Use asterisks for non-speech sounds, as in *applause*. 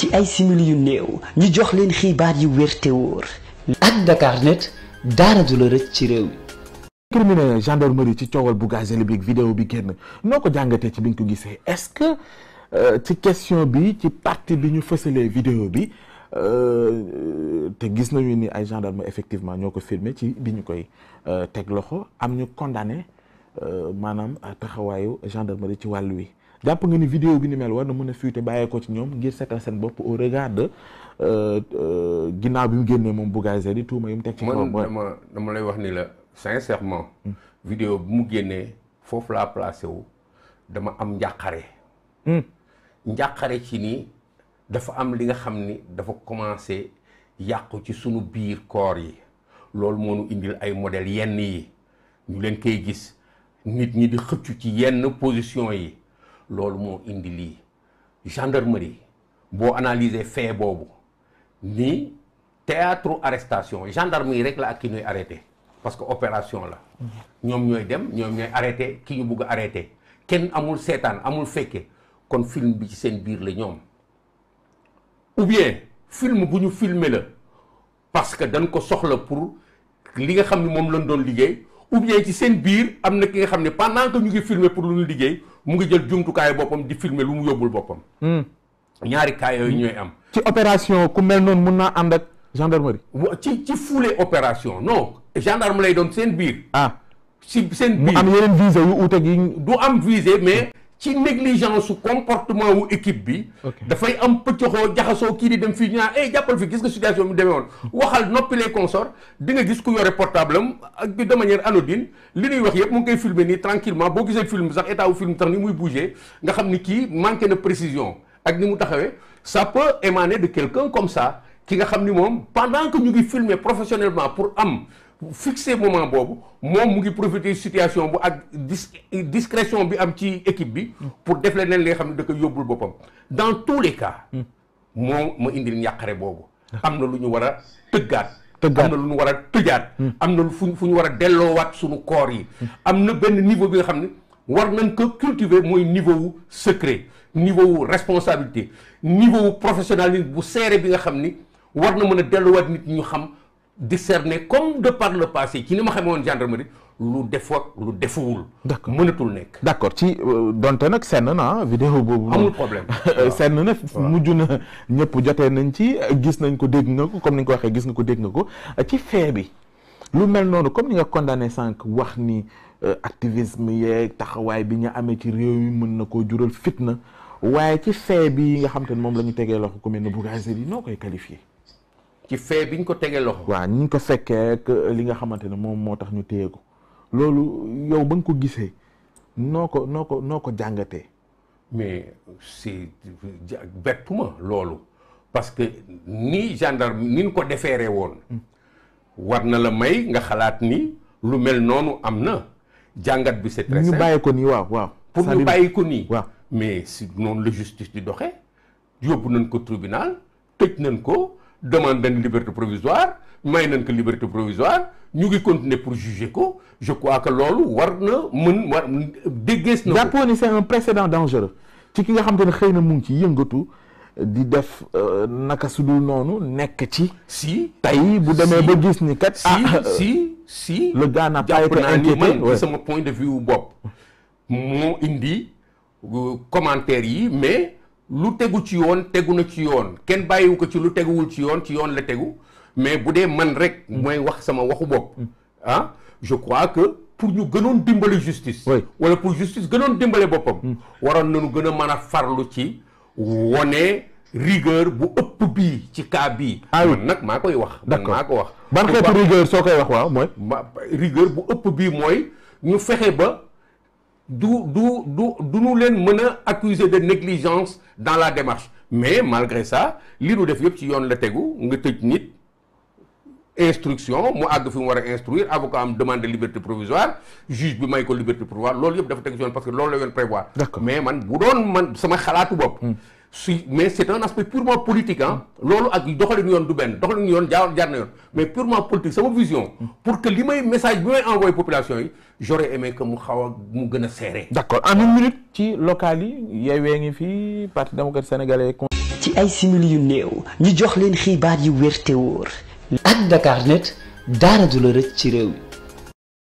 ci ay simili yu néew ñu jox leen xibaar yu wér te wóor ak Dakarnet daara du la rëcc ci réew mi. criminel gendarmerie ci coowal Bougazelli bi vidéo bi génn noo ko jàngatee ci bi ñu ko gisee est-ce que euh, ci question bi ci partie bi ñu fësalee vidéo bi euh, te gis nañu ni ay gendarme effectivement ñoo ko filmé ci bi ñu koy euh, teg loxo am ñu condamné maanaam a taxawaayu gendarmerie ci wàll wi. jàpp nga ni vidéo bi ni mel war na mën a fuite bàyyee ko ci ñoom ngir sekkal seen bopp au regard de euh, euh, ginnaaw bi mu génnee moom Bougane Sèye di tuuma yi mu teg ci man dama dama lay wax ni la sincèrement hmm. vidéo bi mu génnee foofu la placé wu dama am njàqare hmm. njàqare ci nii dafa am li nga xam ni dafa commencé yàqu ci suñu biir koor yi loolu moo nu indil ay modèle yenn yi ñu leen koy gis nit ñi di xëccu ci yenn position yi loolu moo indi lii gendarmerie boo analyser fait boobu ni théâtre arrestation gendarme yi rek la ak ki ñuy arrêté parce que opération la ñoom ñooy dem ñoom ñooy arrêté ki ñu bugg a kenn amul seetaan amul fekke kon film bi ci seen biir la ñoom ou bien film bu ñu filmer la parce que dañ ko soxla pour li nga xam ne moom lañ doon liggéey ou bien ci seen biir am na ki nga xam ne pendant ko ñu ngi filmer pour lu ñu liggéey mu ngi jël jumtukaayu boppam di filmer lu mu yóbbul boppam. Hmm. ñaari kaay yooyu ñooy am. ci opération ku mel noonu mun naa ànd ak gendarmerie. ci ci foulée opération non gendarme lay doon seen biir. ah si seen biir mu am yeneen visée yu uute gi. du am visée mais. ci négligence su comportement wu équipe bi. dafay am pëccoxoo jaxasoo kii di dem fii ñu naan eh jàppal fi gis nga situation bi demee woon. Hmm. waxal noppi les consorts nga gis ku yore portable ak de manière anodine li ñuy wax yëpp mu ngi koy filmer nii tranquillement boo gisee film sax état wu film tax ni muy bouger nga xam ni kii manqué na précision ak ni mu taxawee ça peut émaner de quelqu'un comme ça. ki nga xam ni moom pendant que ñu ngi filmer professionnellement pour am fixer moment boobu moom mu ngi profiter situation bu ak dis discrétion bi am ci équipe bi pour def leneen li nga xam ne da yóbbul boppam dans tous les cas hmm. moom ma indil ñàqare boobu am na lu ñu war a tëggaat am na lu ñu war a tëjaat hmm. am na fu fu ñu war a delloowaat suñu koor yi hmm. am na benn niveau bi nga xam ne war nañ ko cultiver mooy niveau wu secret niveau wu responsabilité niveau wu bu serré bi nga xam ni war na mën a delluwaat nit ñu xam discerner comme de par le passé ci ni ma xamee woon gendarmerie lu def defoot lu defuwul. ndax mënatul nekk. d'accord ci euh, donte nag senn na vidéo boobu. amul problème *laughs* euh, senn na *laughs* mujj na ñëpp jotee nañ ci gis nañ ko dégg nga ko comme ko waxee gis nga ko dégg nga ko ci fee bi. lu mel noonu comme ni nga condamné sànq wax ni euh, activisme yeeg taxawaay bi ñu amee ci réew mi mën na ko jural fitna waaye ci fee bi nga xam te moom la ñu tegee loxo ku mel ne Bougazelli noo koy qualifié. ci bi biñ ko tegee loxo. waaw ñu ko sekkee ak euh, li nga xamante ne moom moo tax ñu téye ko loolu yow ba nga ko gisee noo ko noo ko noo ko jàngatee. mais si bettuma loolu parce que ni gendarme ni ñu ko defeeree woon. war na la may nga xalaat ni lu mel noonu am na jàngat bi c'est très simple. ñu bàyyi ko nii waaw waaw. pour ñu bàyyi ko nii. waaw mais si noonu la justice di doxee yóbbu nañ ko tribunal tëj nañ ko. demande nañ liberté provisoire may nan ko liberté provisoire ñu ngi continuer pour juger ko je crois que loolu war na mën war déggees na ko jàppoo ni c'est un précédent dangereux ci ki nga xam te ne xëy na mu ngi ci yëngatu euh, di def euh, naka su dul noonu nekk ci si tey bu demee ba gis ni kat ah si la le gars n'a pas été inquiété man sama point de vue bopp moo indi euh, commentaire yi mais lu tegu ci yoon tegu na ci yoon kenn bàyyiwu ko ci lu teguwul ci yoon ci yoon la tegu mais bu dee man rek mooy wax sama waxu bopp ah je crois que pour ñu gënoon dimbali justice wala pour justice gënoon dimbale boppam mm. waroon nañu gën a mën a farlu ci wone rigueur bu ëpp bii ci cas bii ah man nag maa koy wax man maa ko wax ban xeetu rigueur soo koy wax waaw mooy rigueur bu ëpp bii mooy ñu fexe ba du du du du nu leen mën a accuser de négligence dans la démarche mais malgré ça li nu def yëpp ci yoon la tegu nga tëj nit instruction mu àgg fi mu war a instruire avocat am demande liberté provisoire juge bi may ko liberté provisoire loolu yëpp dafa teg si yoon parce que loolu la yoon prévoir hmm. yoon du benn doxalinu yoon jaar hmm. pour que li may message bi may envoyé population yi a mu a serré d' accord en une minute ci local yi Yewwi ngi ay simili yu néew ñu jox leen xibaar yu wér te wóor ak Dakarnet dara du la rëcc ci réew mi